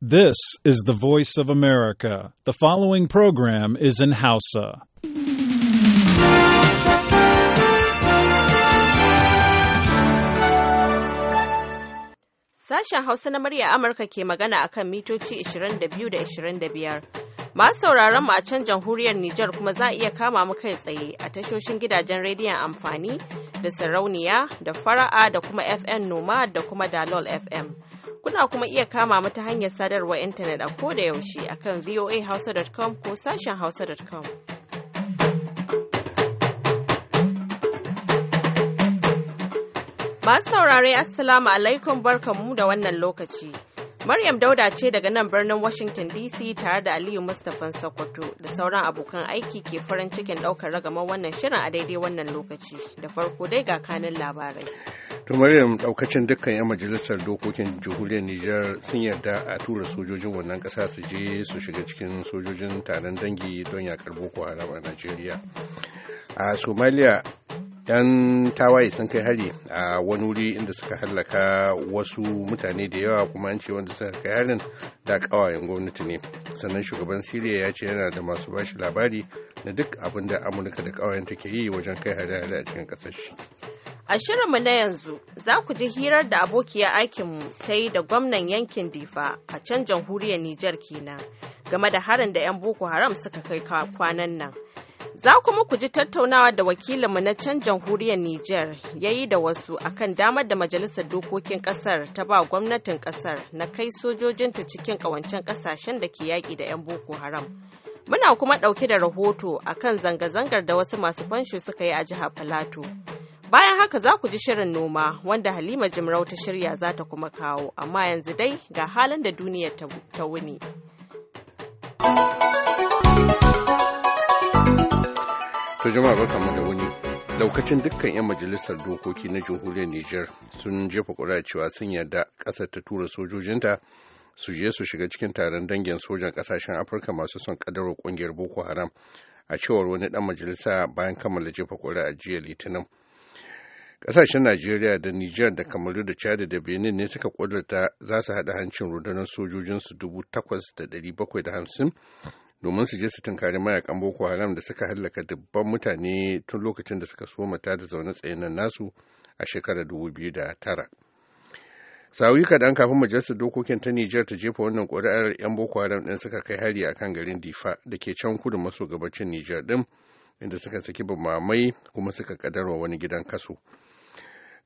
This is the voice of America. The following program is in Hausa. Sashen Hausa na murya Amurka ke magana akan mitoci 22 da 25. Masu sauraron mu a can jamhuriyar Nijar kuma za a iya kama mu kai tsaye a tashoshin gidajen rediyon amfani da sarauniya da fara'a da kuma FM Noma da kuma Dalol FM. Kuna kuma iya kama mu ta hanyar sadarwar intanet a da yaushe akan voahausa.com ko sashen hausa.com. Masu saurare Assalamu alaikum barkanmu da wannan lokaci. Maryam Dauda ce daga nan birnin Washington DC tare da Aliyu Mustapha Sokoto da sauran abokan aiki ke farin cikin ɗaukar ragamar wannan shirin a daidai wannan lokaci. Da farko dai ga kanin labarai. to maryam daukacin dukkan 'yan majalisar dokokin jihuriyar nijar sun yarda a tura sojojin wannan kasa su je su shiga cikin sojojin taron dangi don yakar boko haram a najeriya a somalia 'yan tawaye sun kai hari a wani wuri inda suka hallaka wasu mutane da yawa kuma an ce wanda suka kai harin da kawayen gwamnati ne sannan shugaban siriya ya ce yana da masu bashi labari na duk abinda da amurka da kawayen take yi wajen kai hari hare a cikin kasar A shirinmu na yanzu za ku ji hirar da abokiyar aikinmu ta yi da gwamnan yankin Difa a can jamhuriyar Nijar kenan game da harin da 'yan Boko Haram suka kai kwanan nan. Za kuma ku ji tattaunawa da wakilinmu na can jamhuriyar Nijar ya yi da wasu akan damar da Majalisar Dokokin Ƙasar ta ba gwamnatin ƙasar na kai sojojinta cikin ƙawancen ƙasashen da ke yaƙi da 'yan Boko Haram. Muna kuma ɗauke da rahoto akan zanga-zangar da wasu masu fansho suka yi a jihar Filato. Bayan haka za ku ji shirin noma wanda Halima Jimrau ta shirya za ta kuma kawo, amma yanzu dai ga halin da duniya ta wuni. To jama'a barkamu da wuni. Daukacin dukkan 'yan majalisar dokoki na jamhuriyar Nijar sun jefa ƙuri'a cewa sun yarda ƙasar ta tura sojojinta su je su shiga cikin taron dangin sojan ƙasashen Afirka masu son ƙadarar ƙungiyar Boko Haram. A cewar wani ɗan majalisa bayan kammala jefa a jiya Litinin. kasashen Najeriya da Nijar da Kamaru da Chad da Benin ne suka kudurta za su haɗa hancin rundunar sojojinsu dubu da ɗari bakwai da hamsin domin su je su tunkari mayakan Boko Haram da suka hallaka dubban mutane tun lokacin da suka so mata da zaune tsayinan nasu a shekarar dubu biyu da tara. kaɗan kafin majalisar dokokin ta Nijar ta jefa wannan ƙuri'ar 'yan Boko Haram ɗin suka kai hari a kan garin Difa da ke can kudu maso gabacin Nijar ɗin inda suka saki bamamai kuma suka kadarwa wani gidan kaso.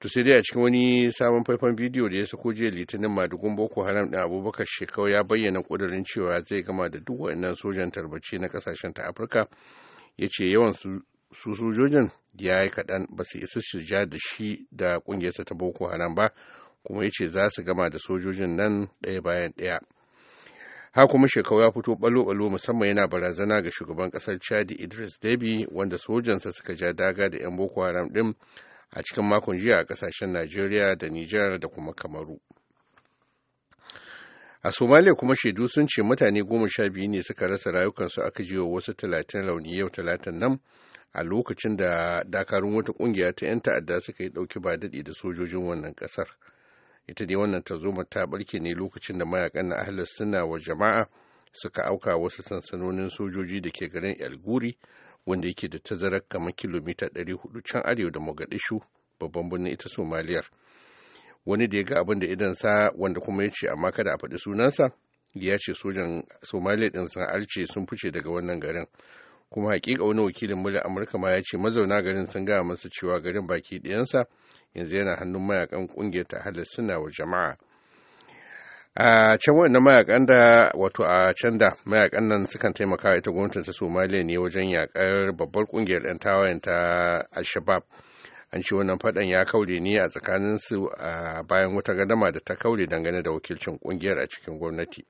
to sai dai a cikin wani sabon faifan bidiyo da ya sako jiya litinin madugun boko haram ɗin abubakar shekau ya bayyana ƙudurin cewa zai gama da duk wa'annan sojan tarbace na kasashen ta afirka ya ce yawan su sojojin ya yi kaɗan ba su isa su ja da shi da ƙungiyarsa ta boko haram ba kuma ya ce za su gama da sojojin nan ɗaya bayan ɗaya ha kuma shekau ya fito balo-balo musamman yana barazana ga shugaban ƙasar chadi idris debi wanda sojansa suka ja daga da 'yan boko haram ɗin a cikin makon jiya a kasashen najeriya da nijar da kuma kamaru a somalia kuma shaidu sun ce mutane goma sha biyu ne suka rasa rayukansu aka jiwa wasu talatin rauni yau talatin nan a lokacin da dakarun wata kungiya ta 'yan ta'adda suka yi dauki ba daɗi da sojojin wannan ƙasar ita dai wannan tarzoma ta barke ne lokacin da mayakan na ahlus suna wa jama'a suka auka wasu sansanonin sojoji da ke garin el guri wanda yake da tazarar kamar kilomita 400 can arewa da mogadishu babban birnin ita somaliyar wani da ya ga abin da sa wanda kuma ya ce amma kada a faɗi sunansa ya ce sojan somaliya ɗin sun arce sun fice daga wannan garin kuma hakika wani wakilin mulki amurka ma ya ce mazauna garin sun gaya masa cewa garin baki ɗayansa yanzu yana hannun mayakan ƙungiyar ta halar suna wa jama'a a can wanda mayakan da wato a can da mayakan nan sukan taimaka ita gwamnatin ta somaliya ne wajen yakar babbar kungiyar 'yan tawayen ta al-shabab an ce wannan fadan ya kaure ne a tsakanin su a bayan wata gadama da ta kaure dangane da wakilcin kungiyar a cikin gwamnati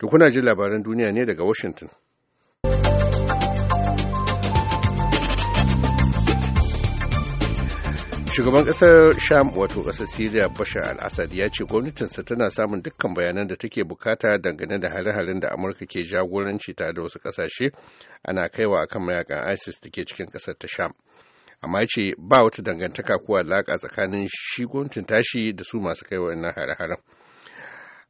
duk jin labaran duniya ne daga washington shugaban ƙasar sham wato ƙasar syria bashar al-assad ya ce gwamnatinsa tana samun dukkan bayanan da take bukata dangane da hare-haren da amurka ke jagoranci ta da wasu ƙasashe ana kaiwa akan mayakan isis da ke cikin ƙasar ta sham amma ya ce ba wata dangantaka ko alaka tsakanin shi gwamnatin tashi da su masu kaiwa na hare-haren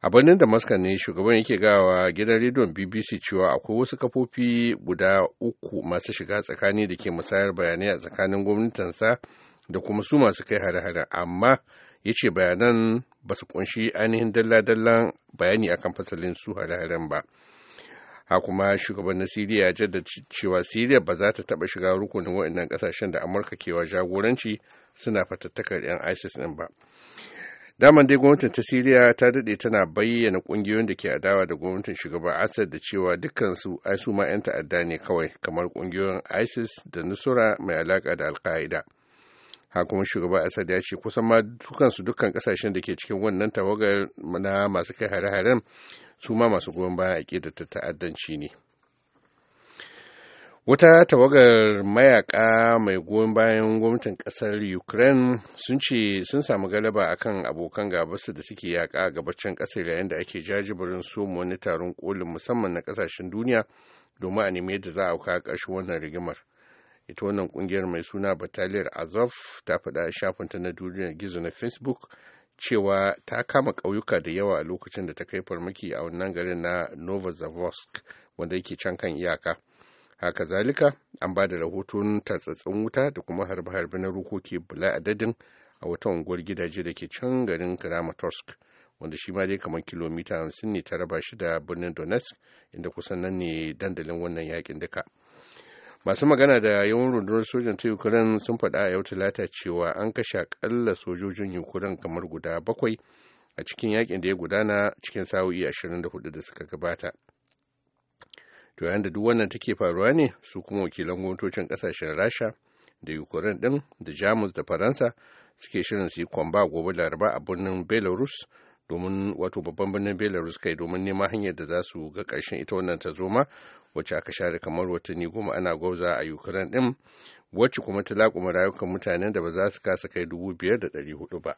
a birnin damascus ne shugaban yake gawa gidan rediyon bbc cewa akwai wasu kafofi guda uku masu shiga tsakani da ke musayar bayanai a tsakanin gwamnatinsa da kuma su masu kai hare-hare amma ya ce bayanan ba su kunshi ainihin dalla-dallan bayani akan fasalin su hare-haren ba ha kuma shugaban na siriya ya da cewa siriya ba za ta taba shiga rukunin waɗannan ƙasashen da amurka kewa jagoranci suna fatattakar 'yan isis ɗin ba daman dai gwamnatin ta siriya ta daɗe tana bayyana ƙungiyoyin da ke adawa da gwamnatin shugaban asad da cewa dukkansu ai su ma 'yan ta'adda ne kawai kamar ƙungiyoyin isis da nusura mai alaƙa da alka'ida kuma shugaban asad ya ce kusan ma dukansu dukkan kasashen da ke cikin wannan tawagar na masu kai hare-haren su ma masu goyon bayan aƙidar ta ta'addanci ne wata tawagar mayaka mai goyon bayan gwamnatin kasar ukraine sun ce sun samu galaba akan abokan gabasu da suke yaka yaƙa gabacin ƙasar yayin da ake jajibirin somo wani taron kolin musamman na ƙasashen duniya domin a nemi yadda za a kawo ƙarshen wannan rigimar ita wannan kungiyar mai suna bataliyar azov ta faɗa a shafinta na duniyar gizo na facebook cewa ta kama ƙauyuka da yawa a lokacin da ta kai farmaki a wannan garin na novozavosk wanda yake can kan iyaka haka zalika an ba da rahoton tartsatsin wuta da kuma harbe-harbe na rukoki bula adadin a wata unguwar gidaje da ke can garin kramatorsk wanda shi ma dai kamar kilomita 50 ne ta raba shi da birnin donetsk inda kusan nan ne dandalin wannan yakin duka masu magana da yawan rundunar sojan ta ukraine sun faɗa a yau talata cewa an kashe akalla sojojin ukraine kamar guda bakwai a cikin yakin da ya gudana cikin sa'o'i 24 da suka gabata to yayin da duk wannan take faruwa ne su kuma wakilan gwamnatocin kasashen rasha da ukraine din da jamus da faransa suke shirin su yi kwamba gobe laraba a birnin belarus domin wato babban birnin belarus kai domin neman hanyar da za su ga karshen ita wannan ta zoma. wacce aka share kamar watanni goma ana gwauza a ukraine din wacce kuma ta laƙuma rayukan mutanen da ba za su kasa kai dubu biyar da ɗari hudu ba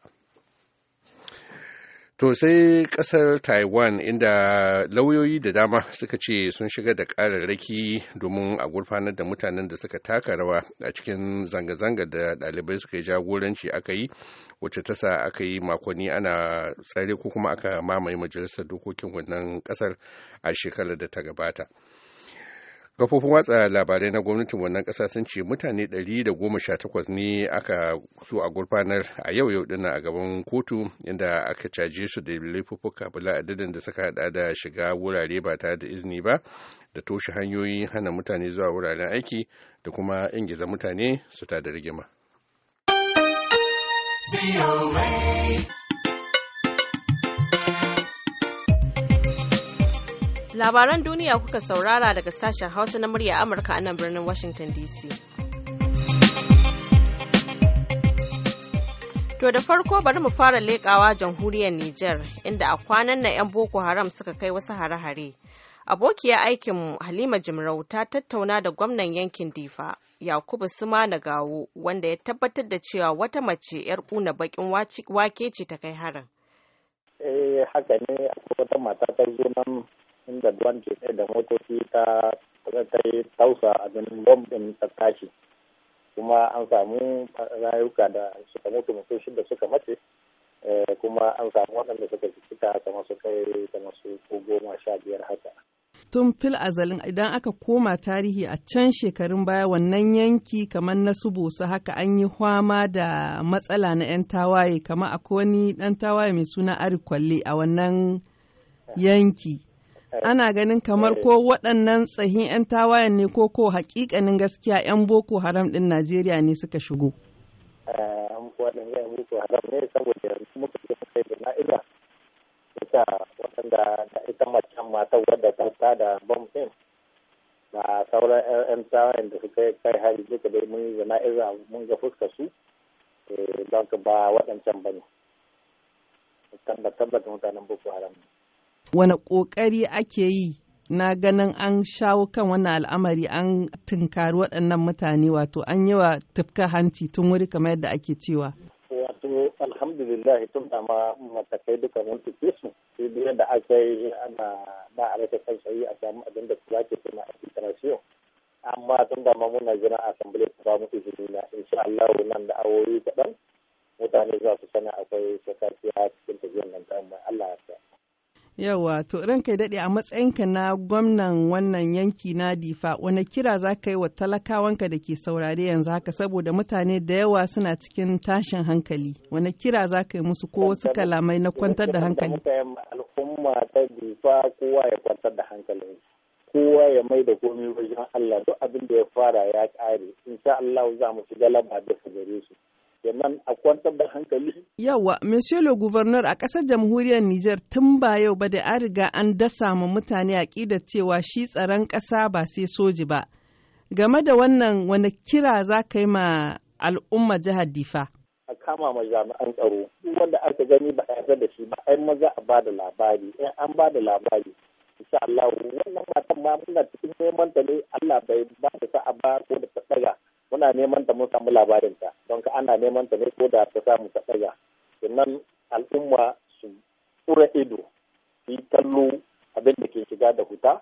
To sai kasar Taiwan inda lauyoyi da dama suka ce sun shiga da ƙararraki domin a gurfanar da mutanen da suka taka rawa a cikin zanga-zanga da ɗalibai suka yi jagoranci aka yi wacce ta sa aka yi makonni ana tsare ko kuma aka mamaye majalisar dokokin wannan ƙasar a shekarar da ta gabata. kafofin watsa labarai na gwamnatin wannan ƙasa sun ce mutane 118 ne aka so a gurfanar a yau yau dina a gaban kotu inda aka caje su da laifuffuka bala adadin da suka hada da shiga wurare ba tare da izini ba da toshe hanyoyi hana mutane zuwa wuraren aiki da kuma ingiza mutane su ta da rigima. Labaran duniya kuka saurara daga sashen Hausa na murya Amurka a nan birnin Washington DC. To da farko bari mu fara leƙawa jamhuriyar Nijar inda a kwanan na 'yan Boko Haram suka kai wasu hare-hare. Abokiya aikinmu Halima Jimrau ta tattauna da gwamnan yankin Difa, Yakubu Suma na Gawo, wanda ya tabbatar da cewa wata mace 'yar kuna bakin wake ce ta kai harin. Eh haka ne akwai wata mata ta zo nan inda duwan ke tsaye da motoci ta ta yi tausa abin bom din ta kuma an samu rayuka da suka mutu mutum da suka mace eh, kuma an samu waɗanda suka jikita kamar su kai kamar su ko goma sha biyar haka. Tun fil azalin idan aka koma tarihi a can shekarun baya wannan yanki kamar na su haka an yi hwama da matsala na 'yan tawaye kamar akwai wani dan tawaye mai suna Ari Kwalle a wannan eh. yanki. ana ganin kamar ko eh. waɗannan tsahin 'yan tawayen ne ko ko hakikanin gaskiya 'yan boko haram ɗin najeriya ne suka shigo eh, waɗannan 'yan boko haram ne saboda muka je muka yi na'iza ita waɗanda da ita macen matan wadda ta tada bom ɗin da sauran 'yan tawayen da suka kai hari duka dai mun yi na'iza mun ga fuska su eh, don ba waɗancan ba ne tabbatar mutanen boko haram ne wani ƙoƙari ake yi na ganin an shawo kan wannan al'amari an tunkari waɗannan mutane wato an yi wa tufka hanci tun wuri kamar yadda ake cewa. wato alhamdulillah tun da ma matakai duka mun tuke su sai da yadda aka yi ana na a rasa kan a samu abin da kula ke kuma a international amma tun da ma muna jiran assembly ta ba izini na insha Allah nan da awoyi kaɗan mutane za su sani akwai sakatiya cikin tafiyar nan ta Allah ya sa. Yawa, to ranka ya daɗe a matsayinka na gwamnan wannan yanki na difa, wani kira za ka yi wa talakawanka da ke saurare yanzu haka saboda mutane da yawa suna cikin tashin hankali. Wani kira za ka yi musu ko wasu kalamai na kwantar da hankali? Al'umma ta difa kowa ya kwantar da hankali. Kowa ya mai da komai wajen Allah duk abin da ya fara ya ƙare. Insha Allah za mu shiga galaba da gare su. kenan a kwantar da hankali. Yawa, Monsieur le Gouverneur a ƙasar jamhuriyar Nijar tun ba yau ba da an riga an dasa ma mutane aƙidar cewa shi tsaron ƙasa ba sai soji ba. Game da wannan wani kira za ka yi ma al'umma jihar Difa? A kama ma jami'an tsaro, duk wanda aka gani ba a da shi ba, ai maza a ba da labari, in an ba da labari. Insha Allah, wannan matan ma muna cikin neman ta ne Allah bai ba da sa'a ba ko da ta ɗaga. muna neman ta mun samu labarin ta don ka ana neman ta ne ko da ta samu ta tsaya sannan al'umma su tsura ido su yi kallo abin da ke shiga da huta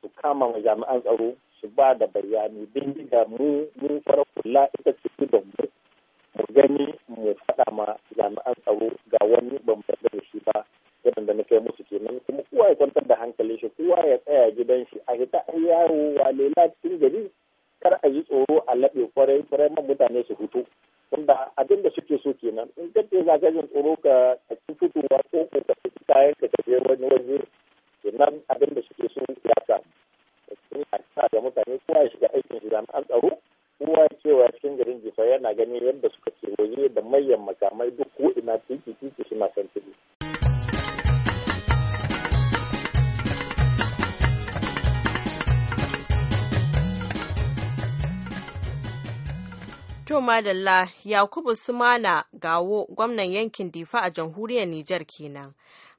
su kama wa jami'an tsaro su ba da bayani din da mu mu fara kula ita ce idon mu mu gani mu faɗa ma jami'an tsaro ga wani madalla Yakubu Sumana Gawo gwamnan yankin Difa a jamhuriyar Nijar kenan.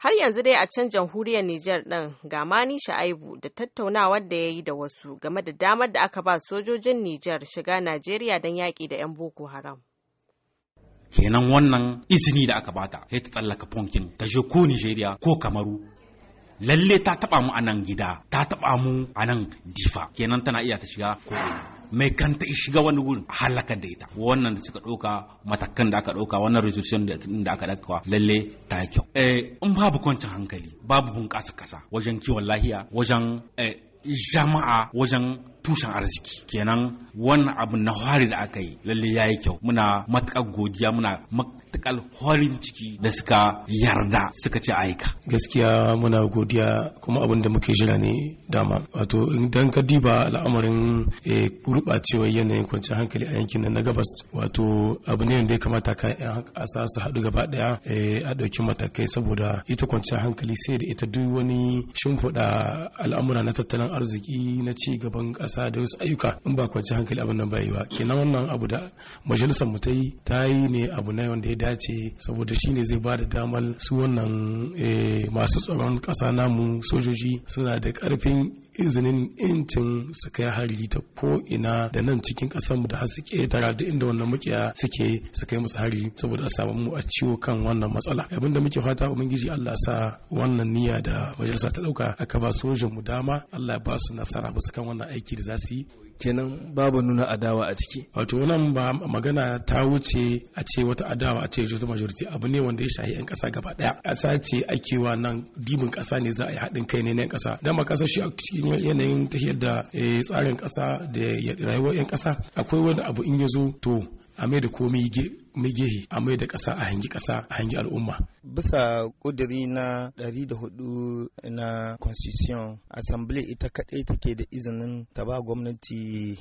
Har yanzu dai a can jamhuriyar Nijar ɗin ga Mani Sha'aibu da tattaunawar da ya yi da wasu game da damar da aka ba sojojin Nijar shiga Najeriya don yaƙi da 'yan Boko Haram. Kenan wannan izini da aka bata, sai ta tsallaka fonkin ta je ko Nijeriya ko Kamaru lalle ta taba mu a nan gida ta taba mu a nan difa kenan tana iya ta shiga ko ina mai kanta shiga wani wurin halakar da ita wannan da suka ɗauka matakan da aka ɗauka wannan resolution da aka ɗauka lalle ta yi kyau eh, in babu kwancin hankali babu bunƙasa ƙasa wajen kiwon lahiya wajen eh, jama'a wajen tushen arziki kenan wannan abu na hari da aka yi lalle ya yi kyau muna matukar godiya muna matukar horin ciki da suka yarda suka ci aika gaskiya muna godiya kuma abin da muke jira ne dama wato idan ka diba al'amarin eh, gurɓacewar yanayin kwanciyar hankali a yankin na gabas wato abu ne da ya kamata ka yan ƙasa su haɗu gaba ɗaya eh, a ɗauki matakai saboda ita kwanciyar hankali sai da ita duk wani shimfiɗa al'amura na tattalin arziki na ci gaban ƙasa matasa da wasu ayyuka in ba kwanci hankali abin nan bai ba kenan wannan abu da majalisar mu ta yi ta yi ne abu na wanda ya dace saboda shi ne zai ba da damar su wannan eh, masu tsaron ƙasa namu sojoji suna da ƙarfin izinin incin su kai hari ta ko ina da nan cikin ƙasar mu da har suke tara da inda wannan mukiya suke su kai musu hari saboda a samu mu a ciwo kan wannan matsala abinda muke fata ubangiji Allah sa wannan niyya da majalisa ta ɗauka aka ba sojin mu dama Allah ya ba su nasara su kan wannan aiki da za su yi kenan babu nuna adawa a ciki wato nan ba magana ta wuce a ce wata adawa a ce wata majority abu ne wanda ya shahi yan kasa gaba daya kasa ce ake wa nan dibin kasa ne za a yi haɗin kai ne na yan kasa dan ba shi a cikin yanayin tafiyar da eh, tsarin kasa da rayuwar yan kasa akwai wani abu in ya zo to a mai da komai migihi a mai da ƙasa a hangi ƙasa a hangi al'umma. Bisa ƙudiri na 104 na constitution assembly ita kaɗai take da izinin ta ba gwamnati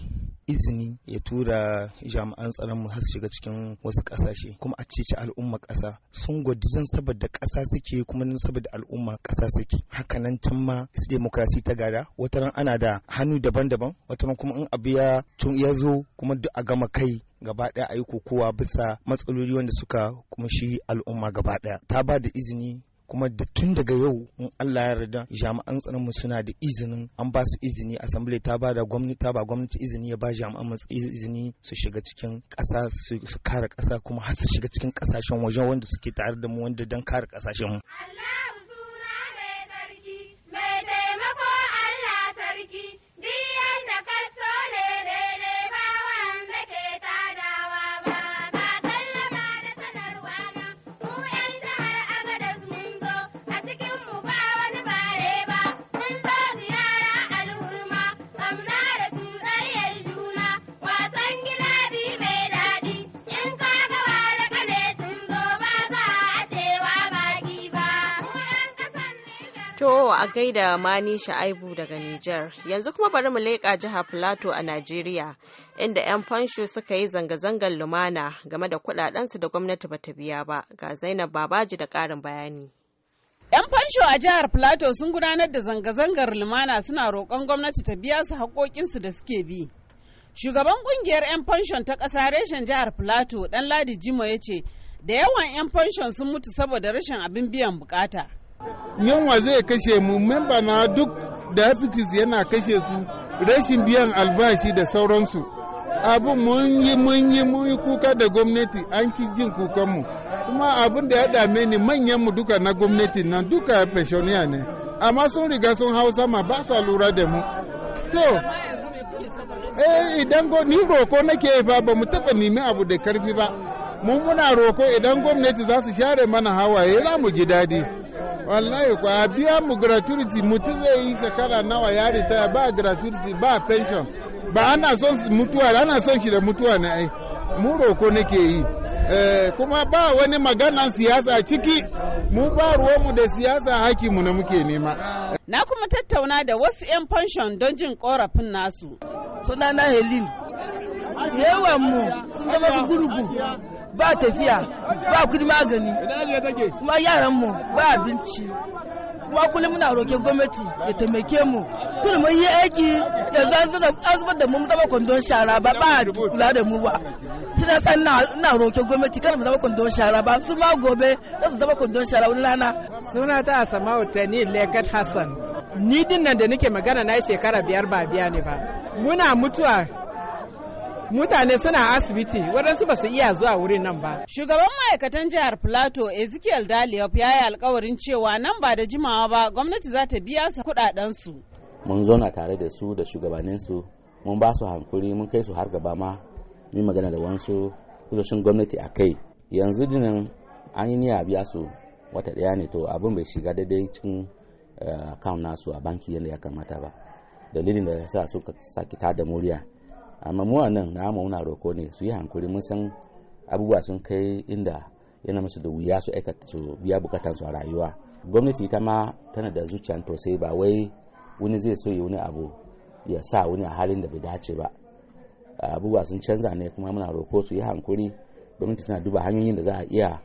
izini ya tura jami'an tsaron mu har shiga cikin wasu ƙasashe kuma a cece al'umma ƙasa sun gwadi zan saboda ƙasa suke kuma nan saboda al'umma ƙasa suke nan can ma demokrasi ta gada wataran ana da hannu daban-daban wataran kuma in abu ya tun ya zo kuma duk a gama kai gaba ɗaya a yi kokowa bisa matsaloli wanda suka kumshi al'umma gaba ɗaya ta ba da izini kuma da tun daga yau in Allah ya yarda jami'an tsaron mu suna da izinin an ba su izini assembly ta ba da gwamnati ta ba gwamnati izini ya ba jami'an mu izini su shiga cikin ƙasa su kare ƙasa kuma har su shiga cikin ƙasashen wajen wanda suke tare da mu wanda dan kare ƙasashen mu To a gaida Mani Sha'aibu daga Nijar. Yanzu kuma bari mu leƙa jihar Filato a Najeriya, inda 'yan fansho suka yi zanga-zangar lumana game da kuɗaɗensu da gwamnati bata biya ba. Ga Zainab Babaji da ƙarin bayani. 'Yan fansho a jihar Filato sun gudanar da zanga-zangar lumana suna roƙon gwamnati ta biya su haƙoƙinsu da suke bi. Shugaban ƙungiyar 'yan fanshon ta ƙasa reshen jihar Filato, ɗan Ladi Jimo ya ce, da yawan 'yan fanshon sun mutu saboda rashin abin biyan buƙata. Yunwa zai kashe mu memba na duk diabetes yana kashe su rashin biyan albashi da sauransu. Abin mun yi mun yi mun yi kuka da gwamnati an ki jin kukanmu. Kuma abin da ya dame ni manyan mu duka na gwamnati nan duka pensioniya ne. Amma sun riga sun hau sama ba sa lura da mu. To, eh idan ni roko nake fa ba mu taba nemi abu da karfi ba. Mun muna roko idan gwamnati za su share mana hawaye za mu ji daɗi. wallahi kwa biya mu gratuity mutum zai yi shekara nawa ya ritaya ba gratuity ba pension ba ana son mutuwa ana son shi da mutuwa ne ai mu roko nake yi eh, kuma ba wani maganan siyasa ciki mu ba mu da siyasa mu na muke nema na kuma tattauna da wasu 'yan pension don jin korafin nasu sunana helin yawan mu sun zama su gurgu ba tafiya ba kudi magani kuma yaran mu ba abinci kuma kullum muna roke gwamnati ya taimake mu tun mun yi aiki da za su zubar da mu zama kwandon shara ba ba kula da mu ba sai san na roke gwamnati kada mu zama kwandon shara ba su ma gobe za su zama kwandon shara wani rana suna ta asama ni lekat hassan ni din nan da nake magana na shekara biyar ba biya ne ba muna mutuwa mutane suna asibiti waɗansu ba su iya zuwa wurin nan ba. Shugaban ma'aikatan jihar Plateau Ezekiel Daliop ya yi alkawarin cewa nan ba da jimawa ba gwamnati za ta biya su kuɗaɗen su. Mun zauna tare da su da shugabannin su mun ba su hankuri mun kai su har gaba ma mun magana da wansu kusoshin gwamnati a kai yanzu dinan an yi niyya biya su wata ɗaya ne to abin bai shiga daidai cikin eh, account nasu a banki yadda ya kamata ba dalilin da ya sa suka sake da murya amma mu nan na mu muna roko ne su yi hankuri mun san abubuwa sun kai inda yana musu da wuya su aikata su biya bukatan su a rayuwa gwamnati ta ma tana da zuciyan tosai ba wai wani zai so yi wani abu ya sa wani a halin da bai dace ba abubuwa sun canza ne kuma muna roko su yi hankuri gwamnati tana duba hanyoyin da za a iya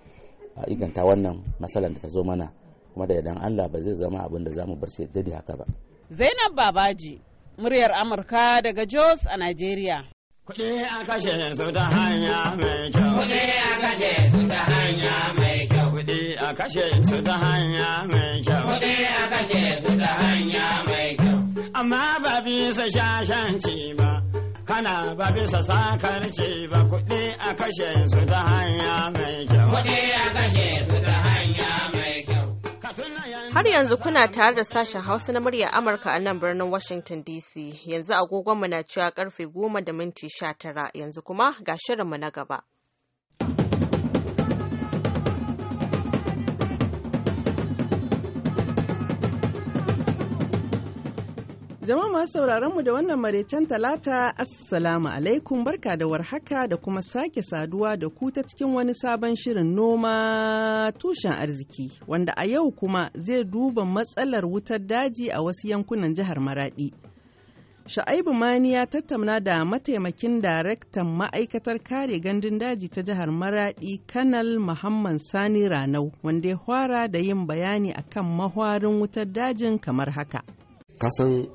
inganta wannan matsalar da ta zo mana kuma da idan Allah ba zai zama abin da za mu bar shi dadi haka ba Zainab Babaji muryar Amurka daga Jos a Najeriya. Kuɗi a kashe su ta hanya mai kyau. Kuɗi a kashe su ta hanya mai kyau. Kuɗi a kashe su ta hanya mai kyau. Kuɗi a kashe su ta hanya mai kyau. Amma ba bisa shashanci ba. Kana ba bisa sakarci ba kuɗi a kashe su ta hanya mai kyau. Kuɗi a kashe su ta Har yanzu kuna tare da sashen Hausa na murya Amurka a nan birnin Washington DC. Yanzu agogonmu na cewa karfe goma da minti sha tara yanzu kuma ga shirinmu na gaba. Jama'a masu sauraron mu da wannan maraicen talata assalamu alaikum barka da warhaka da kuma sake saduwa da ku ta cikin wani sabon shirin noma tushen arziki wanda a yau kuma zai duba matsalar wutar daji a wasu yankunan jihar Maradi. Sha'aibu Mani ya tattauna da mataimakin daraktan ma'aikatar kare gandun daji ta jihar maraɗi Kanal Muhammad Sani Ranau wanda ya fara da yin bayani akan mahwarin wutar dajin kamar haka. Kasan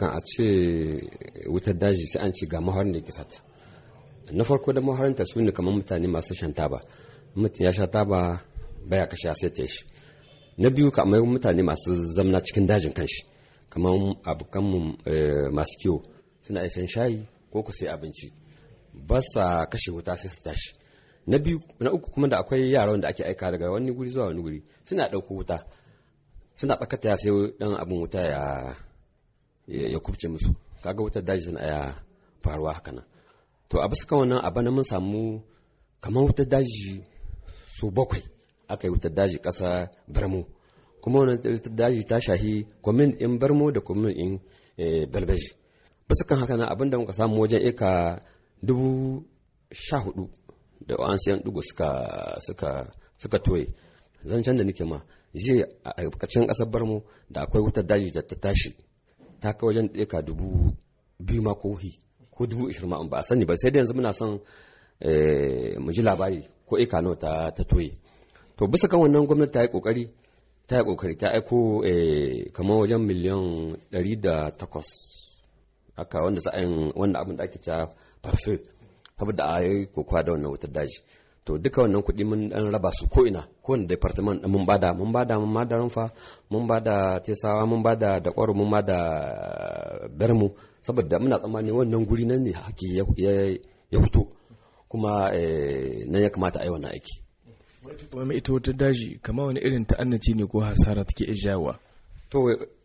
kan a ce wutar daji sai an ce ga maharin da ke sata na farko da maharinta su ne kamar mutane masu shan taba mutum ya sha taba baya kashe sai ta shi na biyu kamar mutane masu zamna cikin dajin kanshi kamar abokanmu eh, masu kiwo suna shan shayi ko ku sai abinci ba sa kashe wuta sai su tashi na biyu na uku kuma da akwai yara wanda ake aika daga wani guri zuwa wani guri suna ɗauko wuta suna ya sai ɗan abin wuta ya ya kubce musu kaga wutar daji tana iya faruwa haka nan to a bisa kawai nan a mun samu kamar wutar daji su bakwai aka yi wutar daji ƙasa barmo kuma wannan wutar daji ta shahi kwamin in barmo da kwamin in eh, belbeji bisa kan haka nan abinda muka samu wajen eka dubu sha hudu da an siyan dugu suka suka suka toye zancen da nike ma zai a ƙarƙashin ƙasar barmo da akwai wutar daji da ta tashi ta kai wajen ɗeka dubu biyu ma kohi ko dubu ishirin ma ba a sani ba sai da yanzu muna son eh, mu ji labari ko eka nawa ta ta toye to bisa kan wannan gwamnati ta yi kokari ta yi kokari ta aiko eh, kamar wajen miliyan ɗari da takwas haka wanda za a wanda abin da ake ta parfait saboda a yi kokowa da wannan wutar daji to duka wannan kuɗi mun dan raba su ko ina ko wani department mun bada mun bada mun bada rumfa mun bada tesawa mun bada da ƙwaro mun bada eh, bermu saboda muna tsammanin wannan guri nan ne haki ya fito kuma eh, nan ya kamata a yi wannan aiki wani ita wata daji kama wani irin ta'annaci ne ko hasara take ijawa to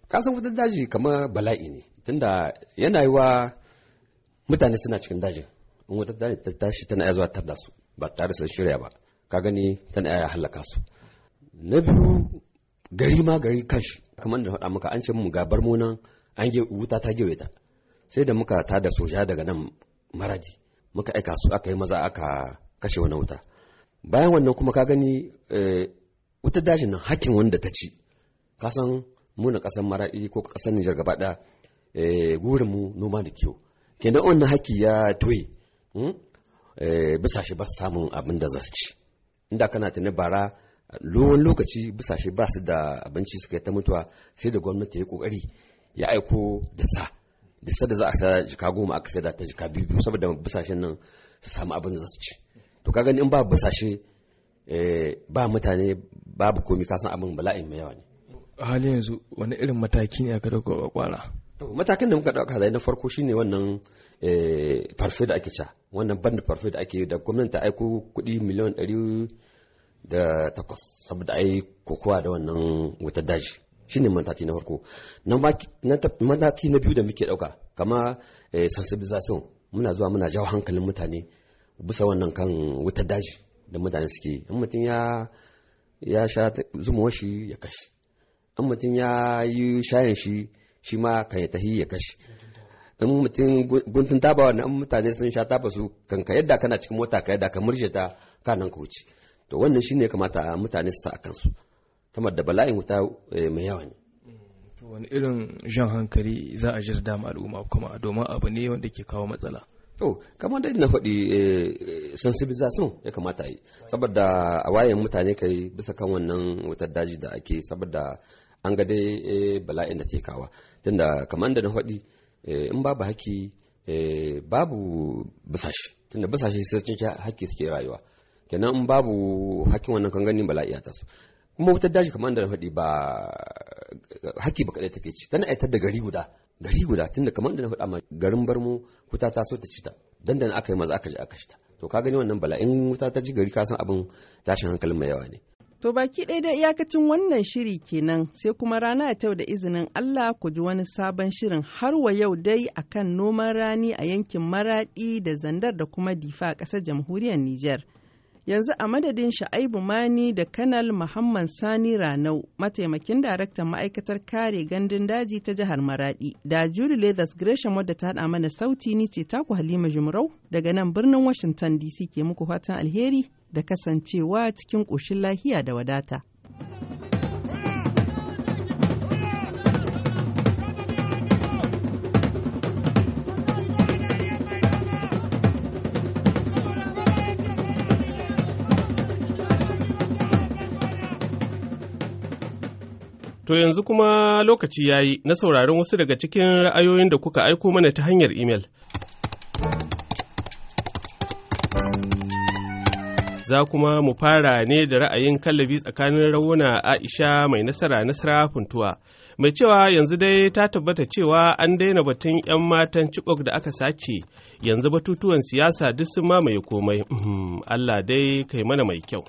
kasan wata daji kama bala'i ne tunda yana yi wa mutane suna cikin dajin in wata daji ta tashi tana iya zuwa tar da su ba tare sun shirya ba ka gani tana ya halaka su na biyu gari ma gari kashi kamar da faɗa maka an ce mu gabar mu nan an ge wuta ta gewe ta sai da muka ta da soja daga nan maradi muka aika su aka yi maza aka kashe wani wuta bayan wannan kuma ka gani eh, wuta dajin nan hakkin wanda ta ci ka san muna kasan maraɗi ko kasan Nijar gaba ɗaya eh, gurin mu noma da kyau kenan wannan haki ya toye hmm? Eh, bisashe ba su samun abin da za su ci inda kana tuni bara lowon lokaci bisashe ba su da abinci suka ta mutuwa sai da gwamnati ya kokari ya aiko da sa da sa da za a sa jika goma aka sai da ta jika biyu biyu saboda bisashen nan su samu abin da za su ci to ka gani in ba bisashe eh, ba mutane babu komi kasan abin bala'in mai yawa ne a halin yanzu wani irin mataki ne aka dauka kwara matakan da muka dauka zai na farko shine wannan eh, farfe da ake ca wannan banda farfe da ake da gwamnati ta aiko kudi miliyan ɗari da takwas saboda ai kokowa da wannan wutar daji shine mataki na farko mataki na biyu da muke dauka kama eh, sensibilization muna zuwa muna jawo hankalin mutane bisa wannan kan wutar daji da mutane suke in mutum ya ya sha zumuwar shi ya kashi in mutum ya yi shayin shi shi ma ka ya tahi ya kashe in mutum guntun taba nan mutane sun sha taba su kan ka yadda kana cikin mota ka yadda ka murje ta kanan ka wuce to wannan shi ne kamata mutane su sa a kansu Tamar da bala'in wuta eh, mai yawa ne to wani irin jan hankali za a jirda ma al'umma kuma domin abu ne wanda ke kawo matsala to kamar da na faɗi eh, sensibilization ya kamata yi saboda a wayan mutane kai bisa kan wannan wutar daji da ake saboda an ga dai eh, bala'in da kawa tunda kamar da na faɗi eh, in babu haki eh, babu bisashi tunda bisashi sai cin haki suke rayuwa kenan in babu hakin wannan kan gani bala'i ya taso kuma wutar daji kamar da na faɗi ba haki ba kaɗai take ci tana aitar da gari guda gari guda tunda kamar da na faɗa ma garin barmo wuta ta so ta ci ta dandana aka yi maza aka ji aka shi ta to ka gani wannan bala'in wuta ta ji gari ka san abin tashin hankalin mai yawa ne To baki ɗaya da iyakacin wannan shiri kenan sai kuma rana ta da izinin Allah ku ji wani sabon shirin har wa yau dai a kan noman rani a yankin Maraɗi da Zandar da kuma Difa a ƙasar jamhuriyar Nijar. Yanzu a madadin Sha'aibu Mani da Kanal Muhammad Sani Ranau, mataimakin daraktan ma'aikatar kare gandun daji ta jihar Maraɗi, da Julie Leathers Gresham wadda ta haɗa mana sauti ni ce taku Halima Jumrau daga nan birnin Washington DC ke muku fatan alheri da kasancewa cikin ƙoshin lahiya da wadata. To yanzu kuma lokaci ya yi na sauraron wasu daga cikin ra'ayoyin da kuka aiko mana ta hanyar imel. za kuma mu fara ne da ra'ayin kallabi tsakanin rauna aisha mai nasara nasara funtuwa mai cewa yanzu dai ta tabbata cewa an daina batun 'yan matan cikok da aka sace yanzu batutuwan siyasa duk sun mamaye komai uhm, allah dai kai mana mai kyau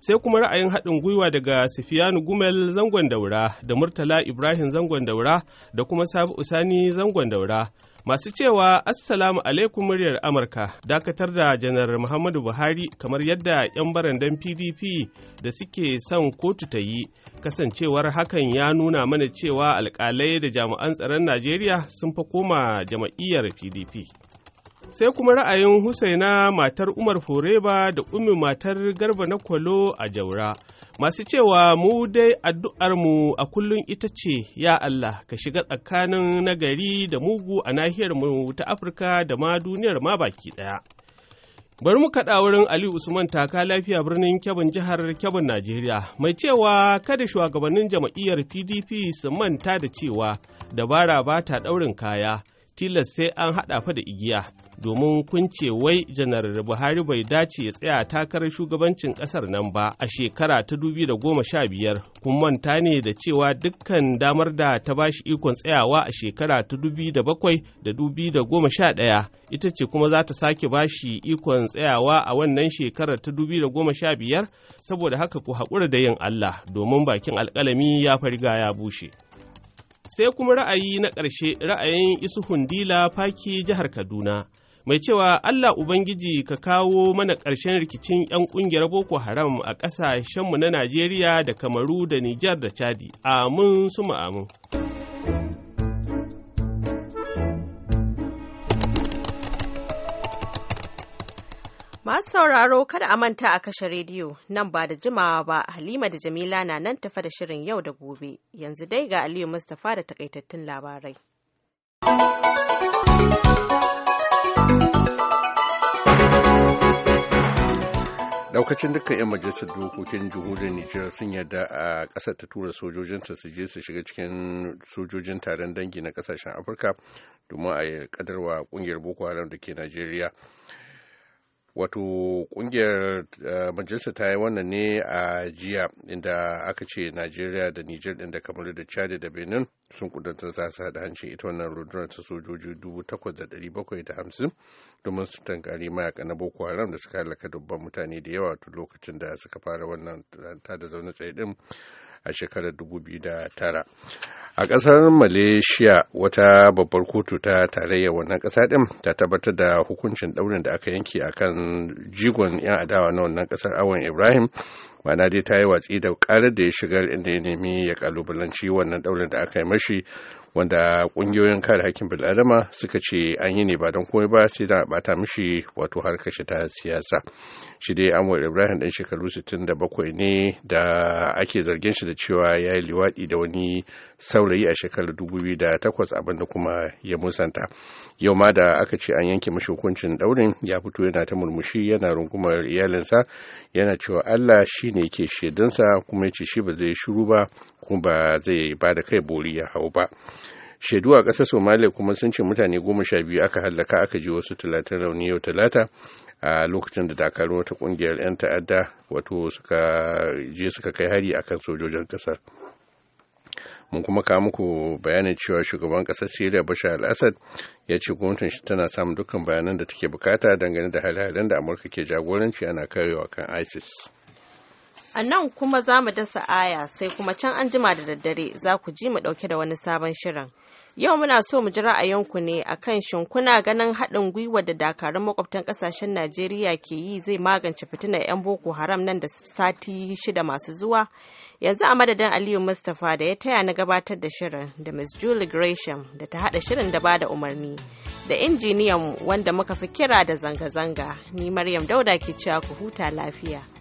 sai kuma ra'ayin haɗin gwiwa daga sifiyanu gumel zangon daura da murtala ibrahim zangon daura da kuma Sabu usani zangon daura Masu cewa Assalamu alaikum muryar Amurka dakatar da janar Muhammadu Buhari kamar yadda 'yan barandan PDP da suke son kotu ta yi kasancewar hakan ya nuna mana cewa alkalai da jami'an tsaron Najeriya sun fa koma jama'iyyar PDP. sai kuma ra'ayin Husaina matar Umar Foreba da umi matar Garba na Kwalo a Jaura. Masu cewa mu dai addu'armu a kullum ita ce, Ya Allah, ka shiga tsakanin nagari da mugu a nahiyar mu ta Afirka da ma duniyar ma baki ɗaya. Bari mu kaɗa wurin Ali Usman taka lafiya birnin Kebun jihar Kebun Najeriya mai cewa kada shugabannin jama'iyyar PDP su manta da cewa dabara ba ta ɗaurin kaya. tilas sai an haɗa fa da igiya domin kunce wai janar buhari bai dace ya tsaya takarar shugabancin ƙasar nan ba a shekara ta da goma sha biyar kun manta ne da cewa dukkan damar da ta bashi ikon tsayawa a shekara ta da bakwai da da goma sha ɗaya ita ce kuma za ta sake bashi ikon tsayawa a wannan shekarar ta da goma sha biyar saboda haka ku haƙura da yin allah domin bakin alƙalami ya fariga ya bushe. Sai kuma ra'ayi na ƙarshe ra'ayin Isuhun hundila Faki jihar Kaduna. Mai cewa Allah Ubangiji ka kawo mana ƙarshen rikicin 'yan ƙungiyar Boko Haram a ƙasashenmu na Najeriya da Kamaru da Nijar da Chadi. Amin su amin. Masu sauraro kada a manta a kashe rediyo nan ba da jimawa ba Halima da Jamila na nan tafa da shirin yau da gobe yanzu dai ga Aliyu Mustapha da takaitattun labarai. daukacin dukkan 'yan majalisar dokokin jihohin nijar sun yarda a ƙasar ta tura sojojinta su je su shiga cikin sojojin taron dangi na ƙasashen afirka domin a kadarwa ƙungiyar boko haram da ke najeriya wato kungiyar eh, majalisar ta yi wannan ne a jiya inda aka ce najeriya da niger din da kamar da chad da benin sun kudantar za su haɗa hanci ita wannan rundunar ta sojoji hamsin domin su tankari mayaka na boko haram da suka halaka dubban mutane da yawa tun lokacin da suka fara wannan ta da zaune tsaye din a shekarar 2009 a kasar malaysia wata babbar kotu ta tarayya wannan ƙasa ɗin ta tabbatar da hukuncin ɗaurin da aka yanki a kan jigon 'yan adawa na wannan kasar awon ibrahim mana dai ta yi watsi da karar da ya shigar inda ya nemi ya ƙalubalanci wannan ɗaurin da aka yi mashi wanda kungiyoyin kare hakkin bil'adama suka ce an yi ne ba don komai ba sai da bata mishi wato har kashe ta siyasa shi dai amur ibrahim dan shekaru 67 ne da ake zargin shi da cewa ya yi liwaɗi da wani saurayi a shekarar takwas abinda kuma ya musanta yau ma da aka ce an yanke mashi hukuncin daurin ya fito yana ta murmushi yana rungumar iyalinsa yana cewa Allah shi ne ke shaidansa kuma ya ce shi ba zai shiru ba kuma ba zai ba da kai bori ya hau ba shaidu a ƙasar somalia kuma sun ce mutane goma sha biyu aka hallaka aka je wasu talatin rauni yau talata a lokacin da dakar wata ƙungiyar 'yan ta'adda wato suka je suka kai hari akan sojojin ƙasar. mun kuma kawo muku bayanin cewa shugaban ƙasar Syria Bashar al-Assad ya ce gwamnatin shi tana samun dukkan bayanan da take bukata dangane da halayen da Amurka ke jagoranci ana karewa kan ISIS. A nan kuma za mu dasa aya sai kuma can an jima da daddare za ku ji mu ɗauke da wani sabon shirin. Yau muna so mu ji ra'ayinku ne akan shin kuna ganin haɗin gwiwa da dakarun makwabtan ƙasashen Najeriya ke yi zai magance fitinar 'yan Boko Haram nan da sati shida masu zuwa? Yanzu a madadin Aliyu Mustapha da ya taya na gabatar da shirin da Miss Julie Gresham da ta haɗa shirin da ba da umarni da injiniyan wanda muka fi kira da zanga-zanga ni Maryam Dauda ke cewa ku huta lafiya.